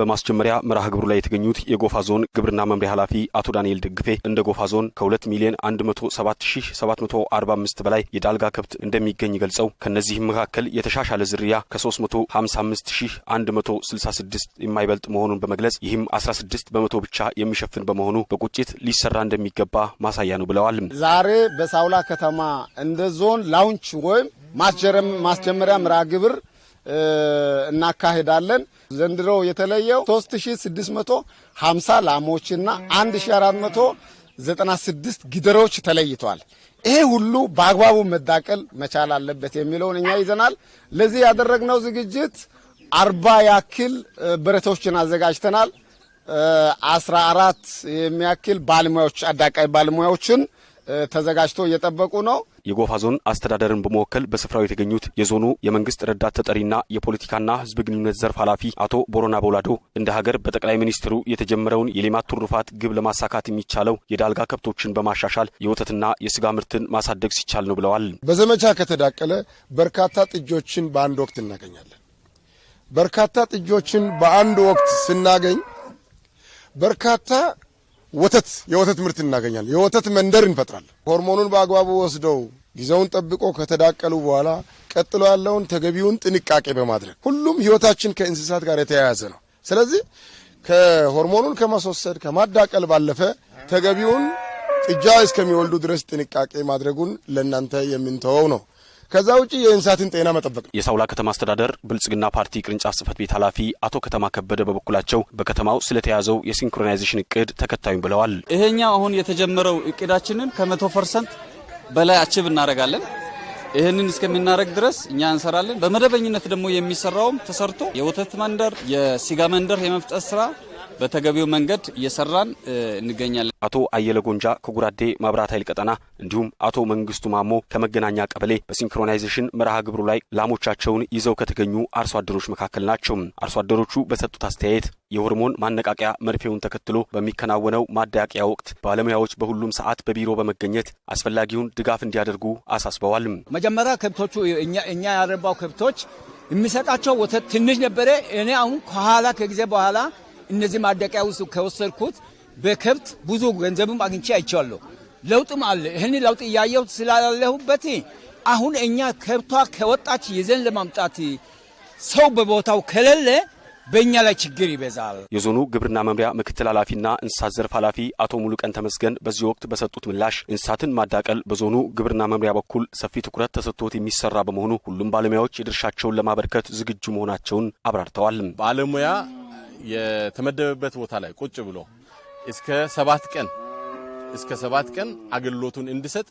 በማስጀመሪያ መርሃ ግብሩ ላይ የተገኙት የጎፋ ዞን ግብርና መምሪያ ኃላፊ አቶ ዳንኤል ደግፌ እንደ ጎፋ ዞን ከ2 ሚሊዮን 107745 በላይ የዳልጋ ከብት እንደሚገኝ ገልጸው ከእነዚህም መካከል የተሻሻለ ዝርያ ከ355166 የማይበልጥ መሆኑን በመግለጽ ይህም 16 በመቶ ብቻ የሚሸፍን በመሆኑ በቁጭት ሊሰራ እንደሚገባ ማሳያ ነው ብለዋል። ዛሬ በሳውላ ከተማ እንደ ዞን ላውንች ወይም ማስጀመሪያ መርሃ ግብር እናካሂዳለን። ዘንድሮ የተለየው 3650 ላሞችና 1496 ጊደሮች ተለይቷል። ይሄ ሁሉ በአግባቡ መዳቀል መቻል አለበት የሚለውን እኛ ይዘናል። ለዚህ ያደረግነው ዝግጅት አርባ ያክል በረቶችን አዘጋጅተናል። አስራ አራት የሚያክል ባለሙያዎች አዳቃይ ባለሙያዎችን ተዘጋጅቶ እየጠበቁ ነው። የጎፋ ዞን አስተዳደርን በመወከል በስፍራው የተገኙት የዞኑ የመንግስት ረዳት ተጠሪና የፖለቲካና ህዝብ ግንኙነት ዘርፍ ኃላፊ አቶ ቦሮና ቦላዶ እንደ ሀገር በጠቅላይ ሚኒስትሩ የተጀመረውን የሌማት ትሩፋት ግብ ለማሳካት የሚቻለው የዳልጋ ከብቶችን በማሻሻል የወተትና የስጋ ምርትን ማሳደግ ሲቻል ነው ብለዋል። በዘመቻ ከተዳቀለ በርካታ ጥጆችን በአንድ ወቅት እናገኛለን። በርካታ ጥጆችን በአንድ ወቅት ስናገኝ በርካታ ወተት የወተት ምርት እናገኛለን። የወተት መንደር እንፈጥራለን። ሆርሞኑን በአግባቡ ወስደው ጊዜውን ጠብቆ ከተዳቀሉ በኋላ ቀጥሎ ያለውን ተገቢውን ጥንቃቄ በማድረግ ሁሉም ህይወታችን ከእንስሳት ጋር የተያያዘ ነው። ስለዚህ ከሆርሞኑን ከማስወሰድ ከማዳቀል ባለፈ ተገቢውን ጥጃ እስከሚወልዱ ድረስ ጥንቃቄ ማድረጉን ለእናንተ የምንተወው ነው። ከዛ ውጭ የእንስሳትን ጤና መጠበቅ ነው። የሳውላ ከተማ አስተዳደር ብልጽግና ፓርቲ ቅርንጫፍ ጽህፈት ቤት ኃላፊ አቶ ከተማ ከበደ በበኩላቸው በከተማው ስለተያዘው የሲንክሮናይዜሽን እቅድ ተከታዩም ብለዋል። ይሄኛው አሁን የተጀመረው እቅዳችንን ከመቶ ፐርሰንት በላይ አችብ እናደርጋለን። ይህንን እስከምናደርግ ድረስ እኛ እንሰራለን። በመደበኝነት ደግሞ የሚሰራውም ተሰርቶ የወተት መንደር፣ የስጋ መንደር የመፍጠት ስራ በተገቢው መንገድ እየሰራን እንገኛለን። አቶ አየለ ጎንጃ ከጉራዴ መብራት ኃይል ቀጠና እንዲሁም አቶ መንግስቱ ማሞ ከመገናኛ ቀበሌ በሲንክሮናይዜሽን መርሃ ግብሩ ላይ ላሞቻቸውን ይዘው ከተገኙ አርሶ አደሮች መካከል ናቸው። አርሶ አደሮቹ በሰጡት አስተያየት የሆርሞን ማነቃቂያ መርፌውን ተከትሎ በሚከናወነው ማዳቂያ ወቅት ባለሙያዎች በሁሉም ሰዓት በቢሮ በመገኘት አስፈላጊውን ድጋፍ እንዲያደርጉ አሳስበዋል። መጀመሪያ ከብቶቹ እኛ ያረባው ከብቶች የሚሰጣቸው ወተት ትንሽ ነበረ። እኔ አሁን ከኋላ ከጊዜ በኋላ እነዚህ ማደቂያ ውስጥ ከወሰድኩት በከብት ብዙ ገንዘብም አግኝቼ አይቻለሁ። ለውጥም አለ። ይህን ለውጥ እያየሁ ስላለሁበት አሁን እኛ ከብቷ ከወጣች ይዘን ለማምጣት ሰው በቦታው ከሌለ በእኛ ላይ ችግር ይበዛል። የዞኑ ግብርና መምሪያ ምክትል ኃላፊና እንስሳት ዘርፍ ኃላፊ አቶ ሙሉቀን ተመስገን በዚህ ወቅት በሰጡት ምላሽ እንስሳትን ማዳቀል በዞኑ ግብርና መምሪያ በኩል ሰፊ ትኩረት ተሰጥቶት የሚሰራ በመሆኑ ሁሉም ባለሙያዎች የድርሻቸውን ለማበርከት ዝግጁ መሆናቸውን አብራርተዋል። ባለሙያ የተመደበበት ቦታ ላይ ቁጭ ብሎ እስከ ሰባት ቀን እስከ ሰባት ቀን አገልግሎቱን እንዲሰጥ